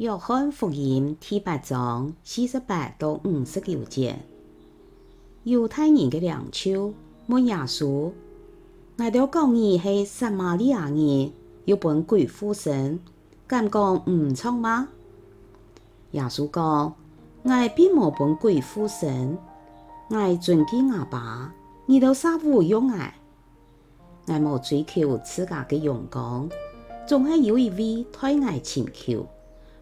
約翰福音第八章四十八到五十九節，猶太人嘅領袖問耶穌：𠊎 兜講你係撒馬利亞人，有本鬼附身敢講唔錯嗎？耶穌講：我並冇本鬼附身，我尊敬阿爸，你兜三五用愛，我冇追求自家嘅榮光，總係有一位替 𠊎 請求。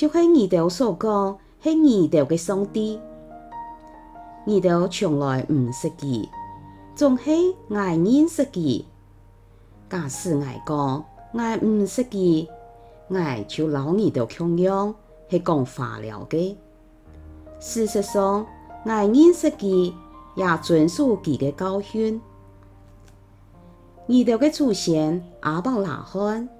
就係二條所講，係二條嘅上帝。二條從來唔識字，仲係挨人識字。假使挨講挨唔識字，挨求老二的供養，係講化療嘅。事實上，挨人識字也遵守佢嘅教訓。二條嘅祖先亞伯拉罕。啊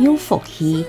要服氣。